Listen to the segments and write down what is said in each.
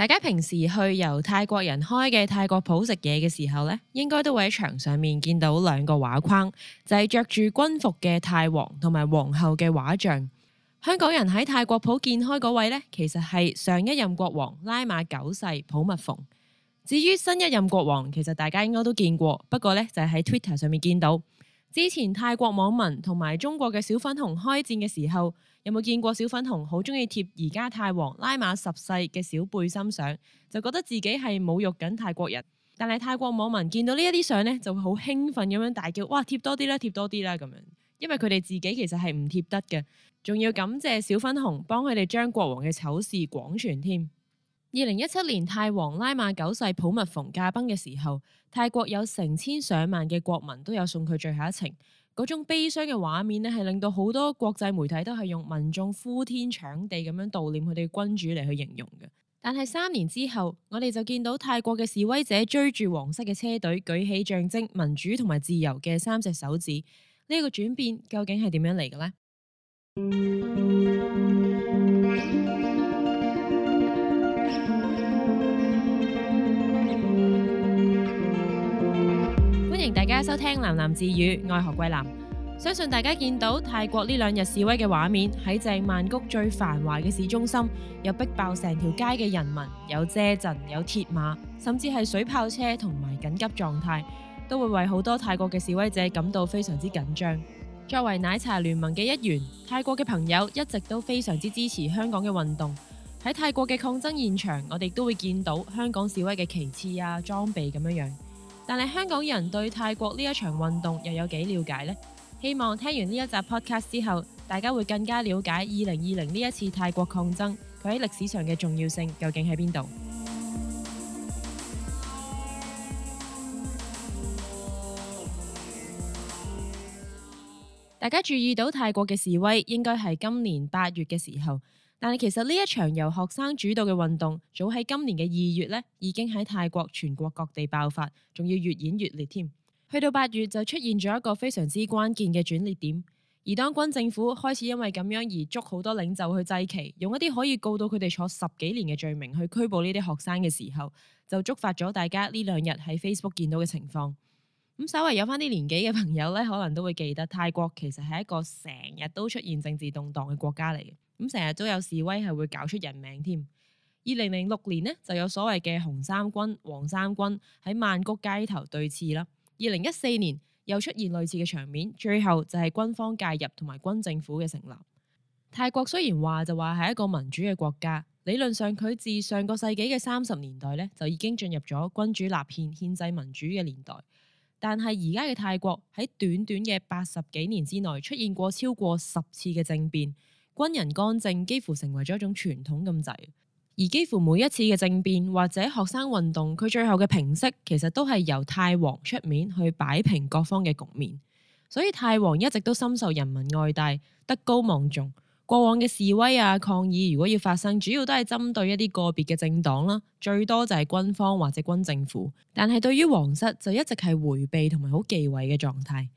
大家平時去由泰國人開嘅泰國鋪食嘢嘅時候咧，應該都會喺牆上面見到兩個畫框，就係着住軍服嘅泰王同埋皇后嘅畫像。香港人喺泰國鋪見開嗰位咧，其實係上一任國王拉瑪九世普密蓬。至於新一任國王，其實大家應該都見過，不過咧就係喺 Twitter 上面見到，之前泰國網民同埋中國嘅小粉紅開戰嘅時候。有冇見過小粉紅好中意貼而家泰王拉瑪十世嘅小背心相，就覺得自己係侮辱緊泰國人。但係泰國網民見到呢一啲相呢，就會好興奮咁樣大叫：哇！貼多啲啦，貼多啲啦咁樣。因為佢哋自己其實係唔貼得嘅，仲要感謝小粉紅幫佢哋將國王嘅醜事廣傳添。二零一七年泰王拉瑪九世普密蓬駕崩嘅時候，泰國有成千上萬嘅國民都有送佢最後一程。嗰種悲傷嘅畫面呢，係令到好多國際媒體都係用民眾呼天搶地咁樣悼念佢哋嘅君主嚟去形容嘅。但係三年之後，我哋就見到泰國嘅示威者追住皇室嘅車隊，舉起象徵民主同埋自由嘅三隻手指。呢個轉變究竟係點樣嚟嘅呢？收聽喃喃自語，我係何桂藍。相信大家見到泰國呢兩日示威嘅畫面，喺正曼谷最繁華嘅市中心，有逼爆成條街嘅人民，有遮陣，有鐵馬，甚至係水炮車同埋緊急狀態，都會為好多泰國嘅示威者感到非常之緊張。作為奶茶聯盟嘅一員，泰國嘅朋友一直都非常之支持香港嘅運動。喺泰國嘅抗爭現場，我哋都會見到香港示威嘅旗幟啊、裝備咁樣樣。但係香港人對泰國呢一場運動又有幾了解呢？希望聽完呢一集 podcast 之後，大家會更加了解二零二零呢一次泰國抗爭，佢喺歷史上嘅重要性究竟喺邊度？大家注意到泰國嘅示威應該係今年八月嘅時候。但係，其實呢一場由學生主導嘅運動，早喺今年嘅二月咧，已經喺泰國全國各地爆發，仲要越演越烈添。去到八月就出現咗一個非常之關鍵嘅轉捩點。而當軍政府開始因為咁樣而捉好多領袖去祭旗，用一啲可以告到佢哋坐十幾年嘅罪名去拘捕呢啲學生嘅時候，就觸發咗大家呢兩日喺 Facebook 見到嘅情況。咁稍微有翻啲年紀嘅朋友咧，可能都會記得泰國其實係一個成日都出現政治動盪嘅國家嚟嘅。咁成日都有示威，係會搞出人命添。二零零六年呢，就有所謂嘅紅衫軍、黃衫軍喺曼谷街頭對峙啦。二零一四年又出現類似嘅場面，最後就係軍方介入同埋軍政府嘅成立。泰國雖然話就話係一個民主嘅國家，理論上佢自上個世紀嘅三十年代呢，就已經進入咗君主立憲憲制民主嘅年代，但係而家嘅泰國喺短短嘅八十幾年之內出現過超過十次嘅政變。軍人干政幾乎成為咗一種傳統咁滯，而幾乎每一次嘅政變或者學生運動，佢最後嘅平息其實都係由泰皇出面去擺平各方嘅局面。所以泰皇一直都深受人民愛戴，德高望重。過往嘅示威啊抗議，如果要發生，主要都係針對一啲個別嘅政黨啦，最多就係軍方或者軍政府。但係對於皇室就一直係回避同埋好忌諱嘅狀態。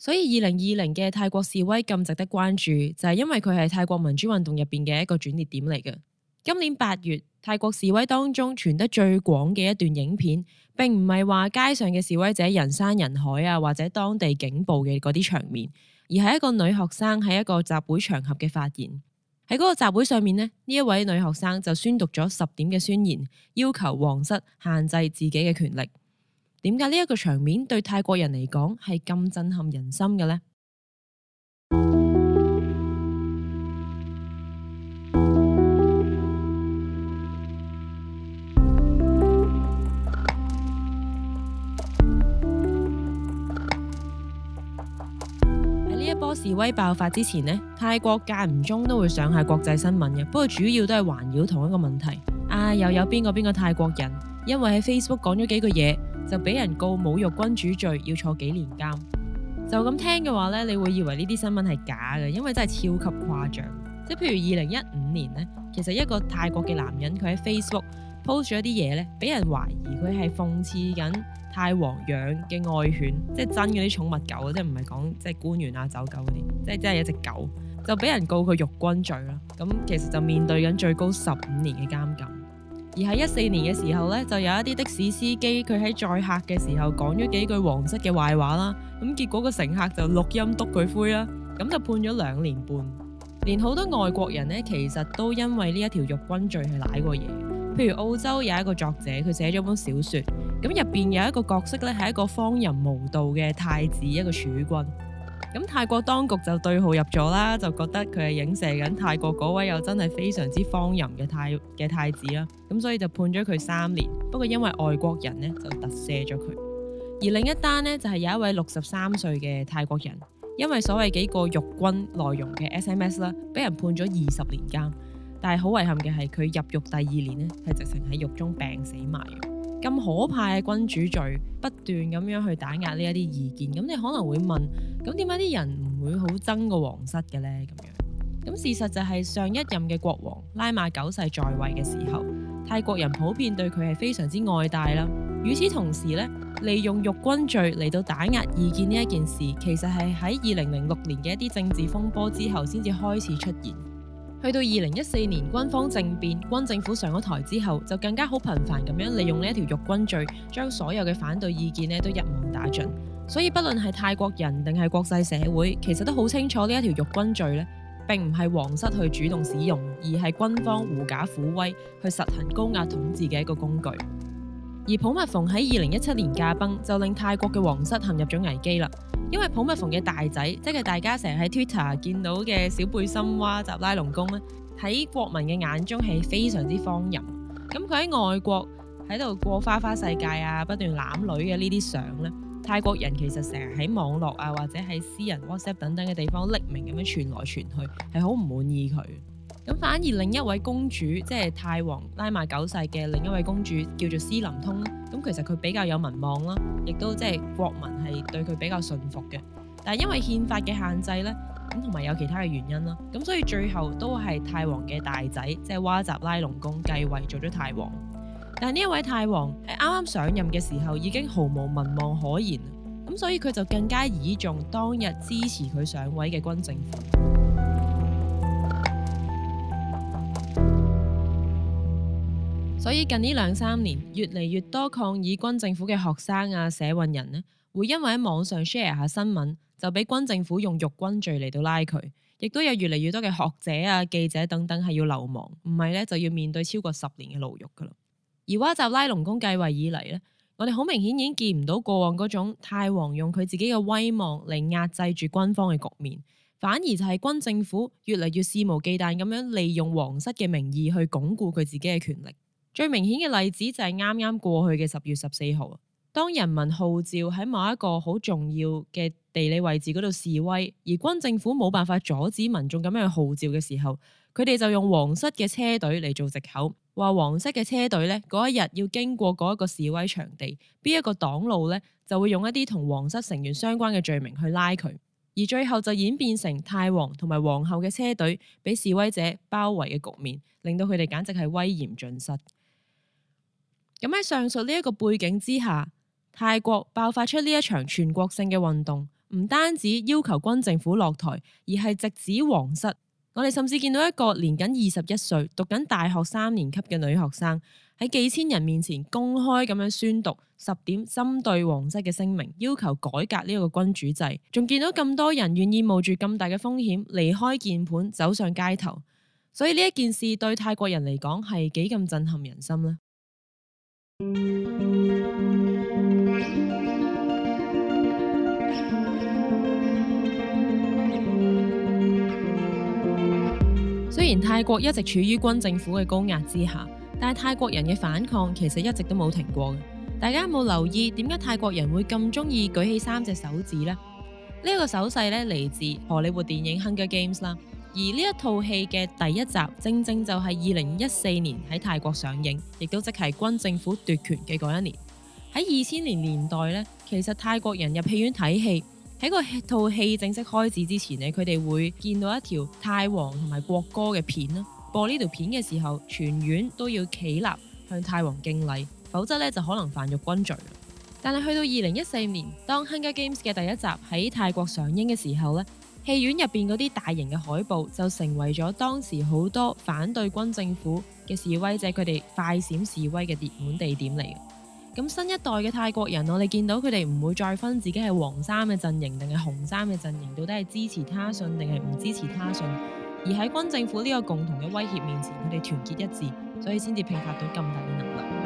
所以二零二零嘅泰國示威咁值得關注，就係因為佢係泰國民主運動入邊嘅一個轉捩點嚟嘅。今年八月，泰國示威當中傳得最廣嘅一段影片，並唔係話街上嘅示威者人山人海啊，或者當地警暴嘅嗰啲場面，而係一個女學生喺一個集會場合嘅發言。喺嗰個集會上面呢，呢一位女學生就宣讀咗十點嘅宣言，要求皇室限制自己嘅權力。點解呢一個場面對泰國人嚟講係咁震撼人心嘅呢？喺呢一波示威爆發之前呢，泰國間唔中都會上下國際新聞嘅，不過主要都係環繞同一個問題。啊，又有邊個邊個泰國人因為喺 Facebook 講咗幾句嘢。就俾人告侮辱君主罪，要坐幾年監？就咁聽嘅話咧，你會以為呢啲新聞係假嘅，因為真係超級誇張。即係譬如二零一五年咧，其實一個泰國嘅男人佢喺 Facebook post 咗啲嘢咧，俾人懷疑佢係諷刺緊泰皇養嘅愛犬，即係真嗰啲寵物狗，即係唔係講即係官員啊走狗嗰啲，即係即係一隻狗，就俾人告佢辱君罪啦。咁其實就面對緊最高十五年嘅監禁。而喺一四年嘅時候咧，就有一啲的士司機佢喺載客嘅時候講咗幾句皇室嘅壞話啦，咁結果個乘客就錄音篤佢灰啦，咁就判咗兩年半。連好多外國人呢，其實都因為呢一條辱君罪去舐過嘢。譬如澳洲有一個作者，佢寫咗本小説，咁入邊有一個角色咧，係一個荒淫無道嘅太子，一個儲君。咁泰國當局就對號入座啦，就覺得佢係影射緊泰國嗰位又真係非常之荒淫嘅太嘅太子啦。咁所以就判咗佢三年。不過因為外國人呢就特赦咗佢。而另一單呢，就係、是、有一位六十三歲嘅泰國人，因為所謂幾個辱軍內容嘅 SMS 啦，俾人判咗二十年監。但係好遺憾嘅係佢入獄第二年呢，係直情喺獄中病死埋。咁可怕嘅君主罪不斷咁樣去打壓呢一啲意見，咁你可能會問，咁點解啲人唔會好憎個皇室嘅咧？咁樣，咁事實就係、是、上一任嘅國王拉瑪九世在位嘅時候，泰國人普遍對佢係非常之愛戴啦。與此同時咧，利用辱君罪嚟到打壓意見呢一件事，其實係喺二零零六年嘅一啲政治風波之後先至開始出現。去到二零一四年軍方政變，軍政府上咗台之後，就更加好頻繁咁樣利用呢一條辱君罪，將所有嘅反對意見咧都一網打盡。所以，不論係泰國人定係國際社會，其實都好清楚呢一條辱君罪咧並唔係皇室去主動使用，而係軍方狐假虎威去實行高壓統治嘅一個工具。而普密蓬喺二零一七年駕崩，就令泰國嘅皇室陷入咗危機啦。因為普密蓬嘅大仔，即係大家成日喺 Twitter 見到嘅小背心娃、扎拉龍公咧，喺國民嘅眼中係非常之荒淫。咁佢喺外國喺度過花花世界啊，不斷攬女嘅呢啲相咧，泰國人其實成日喺網絡啊或者喺私人 WhatsApp 等等嘅地方匿名咁樣傳來傳去，係好唔滿意佢。咁反而另一位公主，即係泰王拉瑪九世嘅另一位公主，叫做詩琳通。咁其實佢比較有民望啦，亦都即係國民係對佢比較信服嘅。但係因為憲法嘅限制呢，咁同埋有其他嘅原因啦，咁所以最後都係泰王嘅大仔，即係哇集拉隆功繼位做咗泰王。但係呢一位泰王喺啱啱上任嘅時候，已經毫無民望可言。咁所以佢就更加倚重當日支持佢上位嘅軍政府。所以近呢兩三年，越嚟越多抗議軍政府嘅學生啊、社運人呢，會因為喺網上 share 下新聞，就俾軍政府用辱軍罪嚟到拉佢。亦都有越嚟越多嘅學者啊、記者等等係要流亡，唔係咧就要面對超過十年嘅牢獄噶啦。而哇集拉隆功繼位以嚟咧，我哋好明顯已經見唔到過往嗰種泰皇用佢自己嘅威望嚟壓制住軍方嘅局面，反而就係軍政府越嚟越肆無忌憚咁樣利用皇室嘅名義去鞏固佢自己嘅權力。最明顯嘅例子就係啱啱過去嘅十月十四號，當人民號召喺某一個好重要嘅地理位置嗰度示威，而軍政府冇辦法阻止民眾咁樣去號召嘅時候，佢哋就用皇室嘅車隊嚟做藉口，話皇室嘅車隊呢嗰一日要經過嗰一個示威場地，邊一個擋路呢就會用一啲同皇室成員相關嘅罪名去拉佢，而最後就演變成泰皇同埋皇后嘅車隊畀示威者包圍嘅局面，令到佢哋簡直係威嚴盡失。咁喺上述呢一個背景之下，泰國爆發出呢一場全國性嘅運動，唔單止要求軍政府落台，而係直指皇室。我哋甚至見到一個年僅二十一歲、讀緊大學三年級嘅女學生，喺幾千人面前公開咁樣宣讀十點針對皇室嘅聲明，要求改革呢個君主制。仲見到咁多人願意冒住咁大嘅風險離開鍵盤走上街頭，所以呢一件事對泰國人嚟講係幾咁震撼人心呢。雖然泰國一直處於軍政府嘅高壓之下，但係泰國人嘅反抗其實一直都冇停過。大家有冇留意，點解泰國人會咁中意舉起三隻手指呢？呢、呢個手勢呢嚟自荷里活電影《Hunger Games》啦。而呢一套戲嘅第一集，正正就係二零一四年喺泰國上映，亦都即係軍政府奪權嘅嗰一年。喺二千年年代呢，其實泰國人入戲院睇戲，喺個套戲正式開始之前呢，佢哋會見到一條泰王同埋國歌嘅片啦。播呢條片嘅時候，全院都要企立向泰王敬禮，否則呢就可能犯咗君罪。但係去到二零一四年，當《Hunger Games》嘅第一集喺泰國上映嘅時候呢。戲院入邊嗰啲大型嘅海報就成為咗當時好多反對軍政府嘅示威者，佢哋快閃示威嘅熱門地點嚟嘅。咁新一代嘅泰國人，我哋見到佢哋唔會再分自己係黃衫嘅陣營定係紅衫嘅陣營，到底係支持他信定係唔支持他信，而喺軍政府呢個共同嘅威脅面前，佢哋團結一致，所以先至迸發到咁大嘅能力。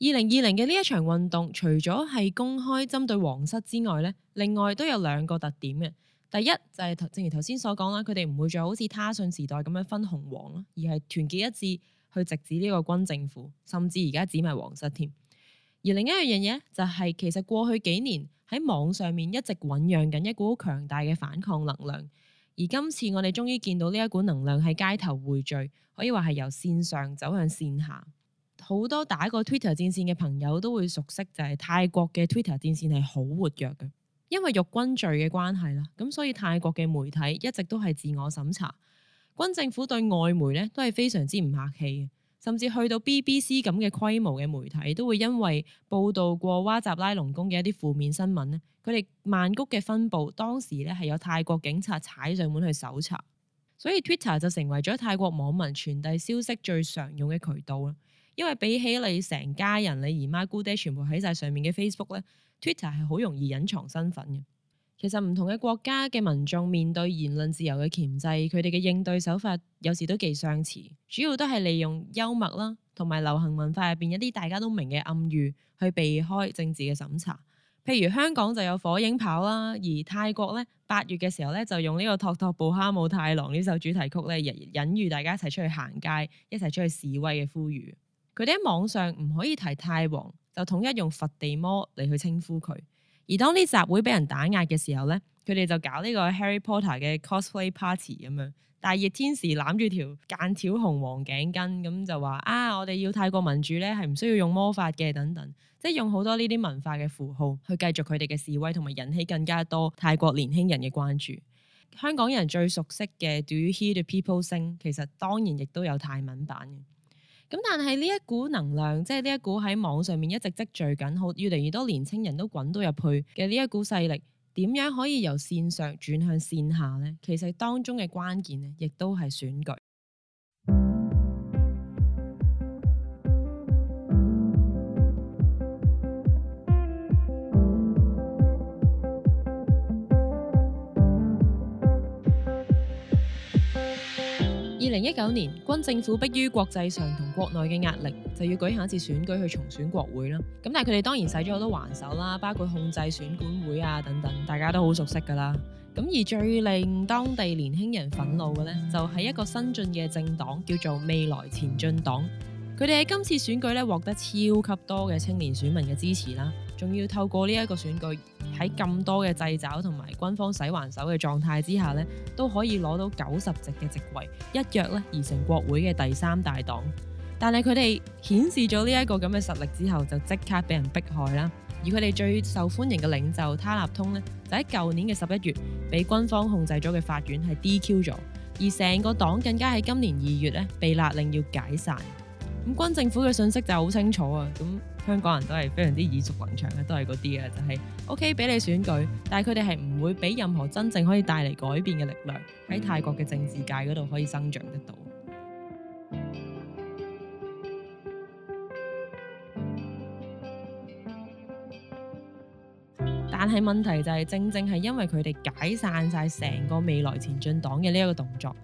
二零二零嘅呢一場運動，除咗係公開針對皇室之外呢，另外都有兩個特點嘅。第一就係、是、正如頭先所講啦，佢哋唔會再好似他信時代咁樣分紅黃，而係團結一致去直指呢個軍政府，甚至而家指埋皇室添。而另一樣嘢就係、是、其實過去幾年喺網上面一直醖釀緊一股好強大嘅反抗能量，而今次我哋終於見到呢一股能量喺街頭匯聚，可以話係由線上走向線下。好多打過 Twitter 戰線嘅朋友都會熟悉，就係泰國嘅 Twitter 戰線係好活躍嘅，因為辱君罪嘅關係啦。咁所以泰國嘅媒體一直都係自我審查，軍政府對外媒咧都係非常之唔客氣嘅，甚至去到 BBC 咁嘅規模嘅媒體都會因為報道過瓦集拉隆功嘅一啲負面新聞咧，佢哋曼谷嘅分部當時咧係有泰國警察踩上門去搜查，所以 Twitter 就成為咗泰國網民傳遞消息最常用嘅渠道啦。因為比起你成家人、你姨媽姑爹全部喺晒上面嘅 Facebook 呢，Twitter 係好容易隱藏身份嘅。其實唔同嘅國家嘅民眾面對言論自由嘅鉗制，佢哋嘅應對手法有時都幾相似，主要都係利用幽默啦，同埋流行文化入邊一啲大家都明嘅暗喻去避開政治嘅審查。譬如香港就有火影跑啦，而泰國呢，八月嘅時候呢，就用呢、這個《托托布哈姆太郎》呢首主題曲呢隱喻大家一齊出去行街，一齊出去示威嘅呼籲。佢哋喺網上唔可以提泰王，就統一用佛地魔嚟去稱呼佢。而當呢集會俾人打壓嘅時候咧，佢哋就搞呢個 Harry Potter 嘅 cosplay party 咁樣。大熱天時攬住條間條紅黃頸巾咁就話：啊，我哋要泰國民主咧，係唔需要用魔法嘅等等。即係用好多呢啲文化嘅符號去繼續佢哋嘅示威，同埋引起更加多泰國年輕人嘅關注。香港人最熟悉嘅 Do You Hear The People Sing 其實當然亦都有泰文版嘅。咁但係呢一股能量，即係呢一股喺網上面一直積聚緊，越嚟越多年輕人都滾到入去嘅呢一股勢力，點樣可以由線上轉向線下呢？其實當中嘅關鍵呢，亦都係選舉。二零一九年，軍政府迫於國際上同國內嘅壓力，就要舉行一次選舉去重選國會啦。咁但係佢哋當然使咗好多還手啦，包括控制選管會啊等等，大家都好熟悉噶啦。咁而最令當地年輕人憤怒嘅呢，就係一個新進嘅政黨叫做未來前進黨。佢哋喺今次選舉咧獲得超級多嘅青年選民嘅支持啦，仲要透過呢一個選舉。喺咁多嘅掣肘同埋軍方洗還手嘅狀態之下咧，都可以攞到九十席嘅席位，一躍咧而成國會嘅第三大黨。但係佢哋顯示咗呢一個咁嘅實力之後，就即刻俾人迫害啦。而佢哋最受歡迎嘅領袖塔納通呢，就喺舊年嘅十一月，被軍方控制咗嘅法院係 DQ 咗，而成個黨更加喺今年二月呢，被勒令要解散。軍政府嘅信息就係好清楚啊！咁香港人都係非常之耳熟能詳嘅，都係嗰啲啊。就係 OK 俾你選舉，但係佢哋係唔會俾任何真正可以帶嚟改變嘅力量喺泰國嘅政治界嗰度可以生長得到。 但係問題就係、是、正正係因為佢哋解散曬成個未來前進黨嘅呢一個動作。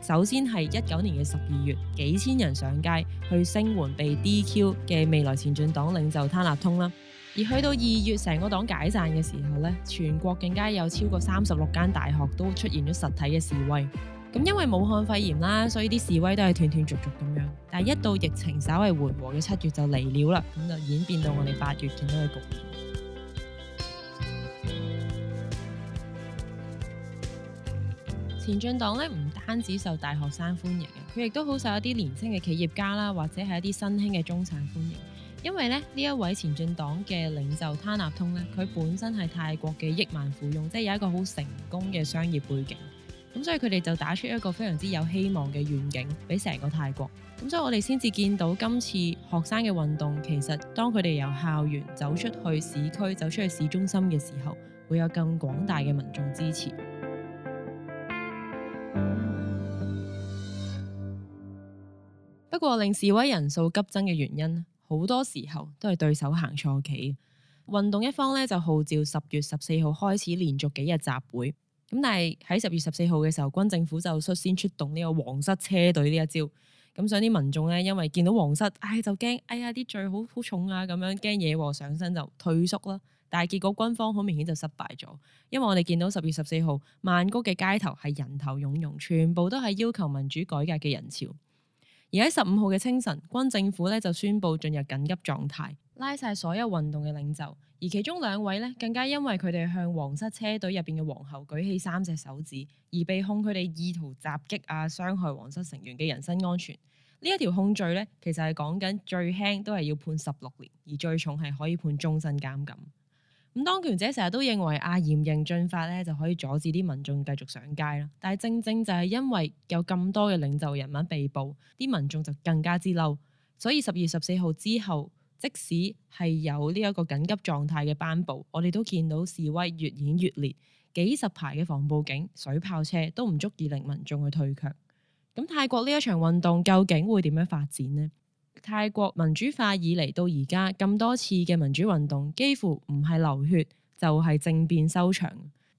首先係一九年嘅十二月，幾千人上街去聲援被 DQ 嘅未來前進黨領袖他納通啦。而去到二月，成個黨解散嘅時候咧，全國更加有超過三十六間大學都出現咗實體嘅示威。咁因為武漢肺炎啦，所以啲示威都係斷斷續續咁樣。但係一到疫情稍微緩和嘅七月就嚟了啦，咁就演變到我哋八月見到嘅局面。前進黨咧唔單止受大學生歡迎嘅，佢亦都好受一啲年輕嘅企業家啦，或者係一啲新興嘅中產歡迎。因為咧呢一位前進黨嘅領袖塔納通咧，佢本身係泰國嘅億萬富翁，即係有一個好成功嘅商業背景。咁所以佢哋就打出一個非常之有希望嘅願景俾成個泰國。咁所以我哋先至見到今次學生嘅運動，其實當佢哋由校園走出去市區，走出去市中心嘅時候，會有更廣大嘅民眾支持。不過令示威人數急增嘅原因，好多時候都係對手行錯棋。運動一方咧就號召十月十四號開始連續幾日集會，咁但係喺十月十四號嘅時候，軍政府就率先出動呢個皇室車隊呢一招，咁所以啲民眾咧因為見到皇室，唉、哎，就驚，哎呀啲罪好好重啊，咁樣驚惹禍上身就退縮啦。但係結果軍方好明顯就失敗咗，因為我哋見到十月十四號曼谷嘅街頭係人頭湧湧，全部都係要求民主改革嘅人潮。而喺十五號嘅清晨，軍政府咧就宣布進入緊急狀態，拉晒，所有運動嘅領袖，而其中兩位咧更加因為佢哋向皇室車隊入邊嘅皇后舉起三隻手指，而被控佢哋意圖襲擊啊，傷害皇室成員嘅人身安全。呢一條控罪咧，其實係講緊最輕都係要判十六年，而最重係可以判終身監禁。咁當權者成日都認為阿，嚴刑峻法呢就可以阻止啲民眾繼續上街啦，但係正正就係因為有咁多嘅領袖人物被捕，啲民眾就更加之嬲。所以十月十四號之後，即使係有呢一個緊急狀態嘅頒布，我哋都見到示威越演越烈，幾十排嘅防暴警、水炮車都唔足以令民眾去退卻。咁泰國呢一場運動究竟會點樣發展呢？泰國民主化以嚟，到而家咁多次嘅民主運動，幾乎唔係流血就係政變收場。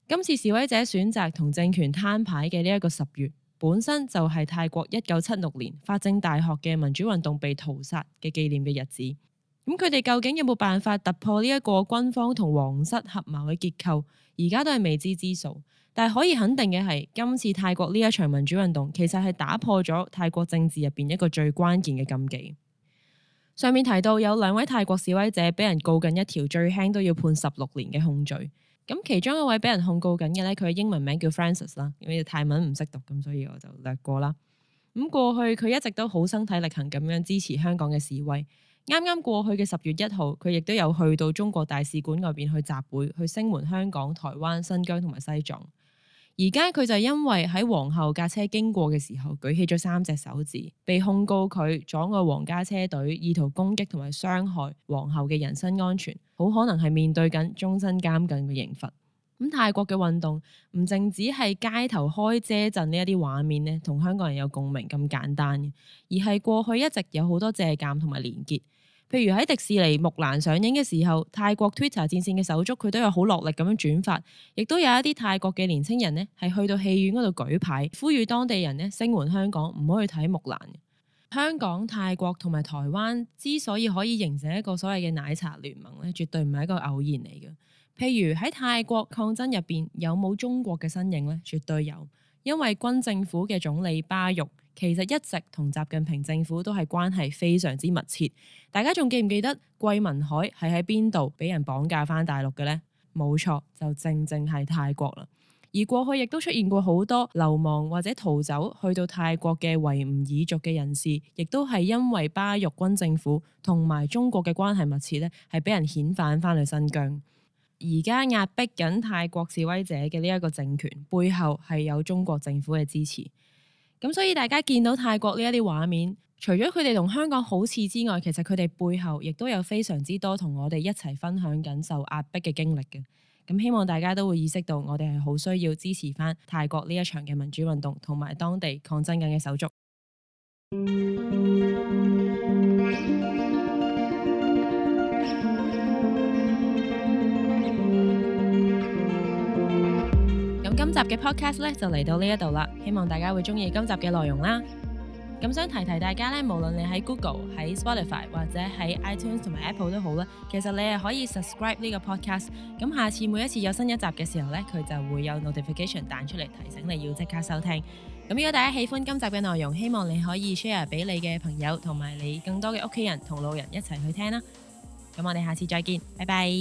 今次示威者選擇同政權攤牌嘅呢一個十月，本身就係泰國一九七六年法政大學嘅民主運動被屠殺嘅紀念嘅日子。咁佢哋究竟有冇辦法突破呢一個軍方同皇室合謀嘅結構，而家都係未知之數。但係可以肯定嘅係，今次泰國呢一場民主運動，其實係打破咗泰國政治入邊一個最關鍵嘅禁忌。上面提到有兩位泰國示威者俾人告緊一條最輕都要判十六年嘅控罪，咁其中一位俾人控告緊嘅咧，佢嘅英文名叫 Francis 啦，因為泰文唔識讀，咁所以我就略過啦。咁過去佢一直都好身體力行咁樣支持香港嘅示威，啱啱過去嘅十月一號，佢亦都有去到中國大使館外面去集會，去聲援香港、台灣、新疆同埋西藏。而家佢就因為喺皇后架車經過嘅時候舉起咗三隻手指，被控告佢阻礙皇家車隊，意圖攻擊同埋傷害皇后嘅人身安全，好可能係面對緊終身監禁嘅刑罰。咁泰國嘅運動唔淨只係街頭開遮陣呢一啲畫面呢，同香港人有共鳴咁簡單，而係過去一直有好多借鑒同埋連結。譬如喺迪士尼《木蘭》上映嘅時候，泰國 Twitter 戰線嘅手足佢都有好落力咁樣轉發，亦都有一啲泰國嘅年青人呢，係去到戲院嗰度舉牌，呼籲當地人呢聲援香港，唔好去睇《木蘭》。香港、泰國同埋台灣之所以可以形成一個所謂嘅奶茶聯盟呢，絕對唔係一個偶然嚟嘅。譬如喺泰國抗爭入邊有冇中國嘅身影呢？絕對有，因為軍政府嘅總理巴育，其實一直同習近平政府都係關係非常之密切。大家仲記唔記得桂民海係喺邊度俾人綁架翻大陸嘅呢？冇錯，就正正係泰國啦。而過去亦都出現過好多流亡或者逃走去到泰國嘅維吾爾族嘅人士，亦都係因為巴育軍政府同埋中國嘅關係密切，呢係俾人遣返翻去新疆。而家壓迫緊泰國示威者嘅呢一個政權，背後係有中國政府嘅支持。咁所以大家見到泰國呢一啲畫面。除咗佢哋同香港好似之外，其實佢哋背後亦都有非常之多同我哋一齊分享緊受壓迫嘅經歷嘅。咁希望大家都會意識到，我哋係好需要支持翻泰國呢一場嘅民主運動同埋當地抗爭緊嘅手足。咁 今集嘅 podcast 咧就嚟到呢一度啦，希望大家會中意今集嘅內容啦。咁想提提大家呢，無論你喺 Google、喺 Spotify 或者喺 iTunes 同埋 Apple 都好啦，其實你係可以 subscribe 呢個 podcast。咁下次每一次有新一集嘅時候呢，佢就會有 notification 彈出嚟提醒你要即刻收聽。咁如果大家喜歡今集嘅內容，希望你可以 share 俾你嘅朋友同埋你更多嘅屋企人同路人一齊去聽啦。咁我哋下次再見，拜拜。